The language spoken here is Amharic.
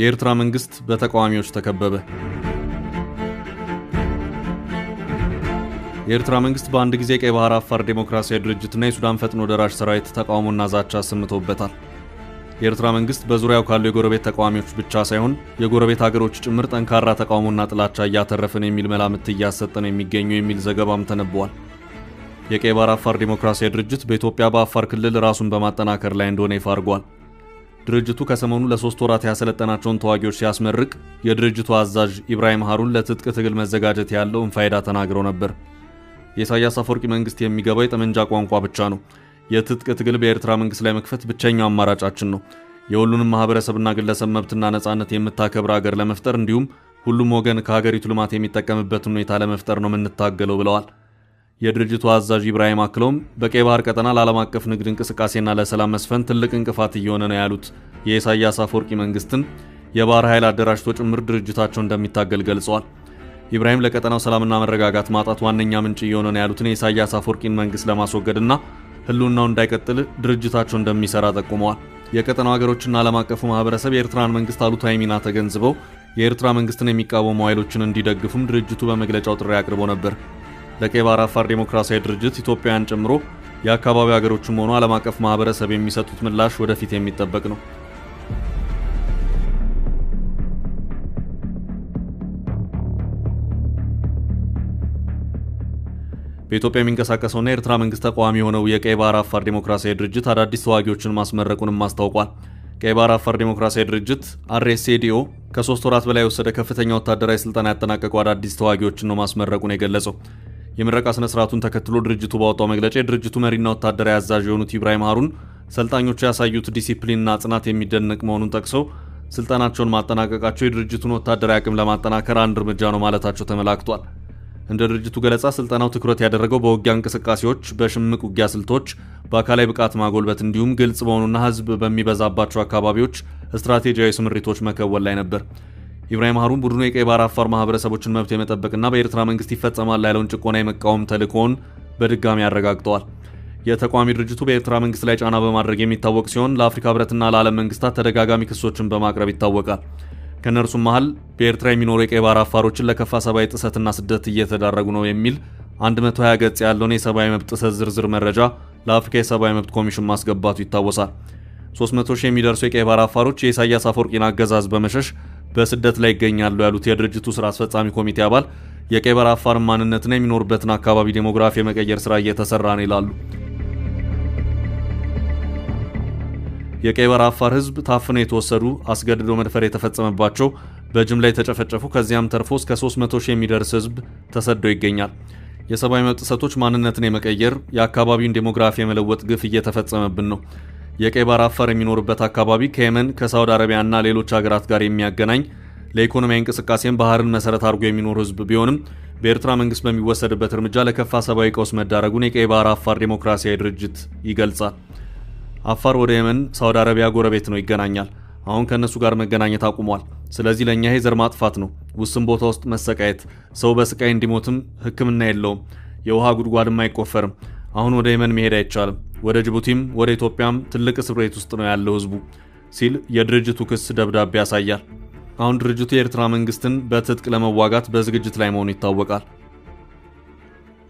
የኤርትራ መንግስት በተቃዋሚዎች ተከበበ። የኤርትራ መንግስት በአንድ ጊዜ ቀይ ባህር አፋር ዴሞክራሲያዊ ድርጅትና የሱዳን ፈጥኖ ደራሽ ሰራዊት ተቃውሞና ዛቻ ሰምቶበታል። የኤርትራ መንግስት በዙሪያው ካሉ የጎረቤት ተቃዋሚዎች ብቻ ሳይሆን የጎረቤት ሀገሮች ጭምር ጠንካራ ተቃውሞና ጥላቻ እያተረፍን የሚል መላምት እያሰጠ ነው የሚገኙ የሚል ዘገባም ተነበዋል። የቀይ ባህር አፋር ዴሞክራሲያዊ ድርጅት በኢትዮጵያ በአፋር ክልል ራሱን በማጠናከር ላይ እንደሆነ ይፋ አድርጓል። ድርጅቱ ከሰሞኑ ለሶስት ወራት ያሰለጠናቸውን ተዋጊዎች ሲያስመርቅ የድርጅቱ አዛዥ ኢብራሂም ሃሩን ለትጥቅ ትግል መዘጋጀት ያለውን ፋይዳ ተናግረው ነበር። የኢሳያስ አፈወርቂ መንግስት የሚገባው የጠመንጃ ቋንቋ ብቻ ነው። የትጥቅ ትግል በኤርትራ መንግስት ላይ መክፈት ብቸኛው አማራጫችን ነው። የሁሉንም ማህበረሰብና ግለሰብ መብትና ነጻነት የምታከብር አገር ለመፍጠር እንዲሁም ሁሉም ወገን ከሀገሪቱ ልማት የሚጠቀምበትን ሁኔታ ለመፍጠር ነው የምንታገለው ብለዋል። የድርጅቱ አዛዥ ኢብራሂም አክለውም በቀይ ባህር ቀጠና ለዓለም አቀፍ ንግድ እንቅስቃሴና ለሰላም መስፈን ትልቅ እንቅፋት እየሆነ ነው ያሉት የኢሳያስ አፈወርቂ መንግስትን የባህር ኃይል አደራጅቶ ጭምር ድርጅታቸው እንደሚታገል ገልጸዋል። ኢብራሂም ለቀጠናው ሰላምና መረጋጋት ማጣት ዋነኛ ምንጭ እየሆነ ነው ያሉትን የኢሳያስ አፈወርቂን መንግስት ለማስወገድና ህልውናው እንዳይቀጥል ድርጅታቸው እንደሚሰራ ጠቁመዋል። የቀጠናው ሀገሮችና ዓለም አቀፉ ማህበረሰብ የኤርትራን መንግስት አሉታዊ ሚና ተገንዝበው የኤርትራ መንግስትን የሚቃወሙ ኃይሎችን እንዲደግፉም ድርጅቱ በመግለጫው ጥሪ አቅርቦ ነበር። ለቀይ ባህር አፋር ዴሞክራሲያዊ ድርጅት ኢትዮጵያን ጨምሮ የአካባቢው ሀገሮችም ሆኑ ዓለም አቀፍ ማህበረሰብ የሚሰጡት ምላሽ ወደፊት የሚጠበቅ ነው። በኢትዮጵያ የሚንቀሳቀሰውና የኤርትራ መንግስት ተቃዋሚ የሆነው የቀይ ባህር አፋር ዴሞክራሲያዊ ድርጅት አዳዲስ ተዋጊዎችን ማስመረቁንም አስታውቋል። ቀይ ባህር አፋር ዴሞክራሲያዊ ድርጅት አርኤስዲኦ ከሶስት ወራት በላይ የወሰደ ከፍተኛ ወታደራዊ ስልጠና ያጠናቀቁ አዳዲስ ተዋጊዎችን ነው ማስመረቁን የገለጸው። የምረቃ ስነ ስርዓቱን ተከትሎ ድርጅቱ ባወጣው መግለጫ የድርጅቱ መሪና ወታደራዊ አዛዥ የሆኑት ኢብራሂም ሀሩን ሰልጣኞቹ ያሳዩት ዲሲፕሊንና ጽናት የሚደነቅ መሆኑን ጠቅሰው ስልጠናቸውን ማጠናቀቃቸው የድርጅቱን ወታደራዊ አቅም ለማጠናከር አንድ እርምጃ ነው ማለታቸው ተመላክቷል። እንደ ድርጅቱ ገለጻ ስልጠናው ትኩረት ያደረገው በውጊያ እንቅስቃሴዎች፣ በሽምቅ ውጊያ ስልቶች፣ በአካላዊ ብቃት ማጎልበት እንዲሁም ግልጽ በሆኑና ሕዝብ በሚበዛባቸው አካባቢዎች ስትራቴጂያዊ ስምሪቶች መከወል ላይ ነበር። ኢብራሂም ሀሩን ቡድኑ የቀይ ባህር አፋር ማህበረሰቦችን መብት የመጠበቅና በኤርትራ መንግስት ይፈጸማል ያለውን ጭቆና የመቃወም ተልእኮውን በድጋሚ አረጋግጠዋል። የተቋሚ ድርጅቱ በኤርትራ መንግስት ላይ ጫና በማድረግ የሚታወቅ ሲሆን ለአፍሪካ ህብረትና ለዓለም መንግስታት ተደጋጋሚ ክሶችን በማቅረብ ይታወቃል። ከእነርሱም መሀል በኤርትራ የሚኖሩ የቀይ ባህር አፋሮችን ለከፋ ሰብአዊ ጥሰትና ስደት እየተዳረጉ ነው የሚል 120 ገጽ ያለውን የሰብአዊ መብት ጥሰት ዝርዝር መረጃ ለአፍሪካ የሰብአዊ መብት ኮሚሽን ማስገባቱ ይታወሳል። 300 ሺህ የሚደርሱ የቀይ ባህር አፋሮች የኢሳያስ አፈወርቂን አገዛዝ በመሸሽ በስደት ላይ ይገኛሉ ያሉት የድርጅቱ ስራ አስፈጻሚ ኮሚቴ አባል የቀይ በራ አፋር ማንነትና የሚኖርበትን አካባቢ ዴሞግራፊ የመቀየር ስራ እየተሰራ ነው ይላሉ። የቀይ በራ አፋር ህዝብ ታፍነው የተወሰዱ፣ አስገድዶ መድፈር የተፈጸመባቸው፣ በጅምላ የተጨፈጨፉ ከዚያም ተርፎ እስከ 300 ሺህ የሚደርስ ህዝብ ተሰዶ ይገኛል። የሰብአዊ መብት ጥሰቶች ማንነትን የመቀየር የአካባቢውን ዴሞግራፊ የመለወጥ ግፍ እየተፈጸመብን ነው። የቀይ ባህር አፋር የሚኖርበት አካባቢ ከየመን ከሳውዲ አረቢያና ሌሎች ሀገራት ጋር የሚያገናኝ ለኢኮኖሚያዊ እንቅስቃሴም ባህርን መሰረት አድርጎ የሚኖር ህዝብ ቢሆንም በኤርትራ መንግስት በሚወሰድበት እርምጃ ለከፋ ሰብአዊ ቀውስ መዳረጉን የቀይ ባህር አፋር ዴሞክራሲያዊ ድርጅት ይገልጻል። አፋር ወደ የመን፣ ሳውዲ አረቢያ ጎረቤት ነው፣ ይገናኛል። አሁን ከእነሱ ጋር መገናኘት አቁሟል። ስለዚህ ለእኛ ይሄ ዘር ማጥፋት ነው። ውስን ቦታ ውስጥ መሰቃየት፣ ሰው በስቃይ እንዲሞትም ህክምና የለውም፣ የውሃ ጉድጓድም አይቆፈርም። አሁን ወደ የመን መሄድ አይቻልም። ወደ ጅቡቲም ወደ ኢትዮጵያም ትልቅ ስብሬት ውስጥ ነው ያለው ህዝቡ ሲል የድርጅቱ ክስ ደብዳቤ ያሳያል። አሁን ድርጅቱ የኤርትራ መንግስትን በትጥቅ ለመዋጋት በዝግጅት ላይ መሆኑ ይታወቃል።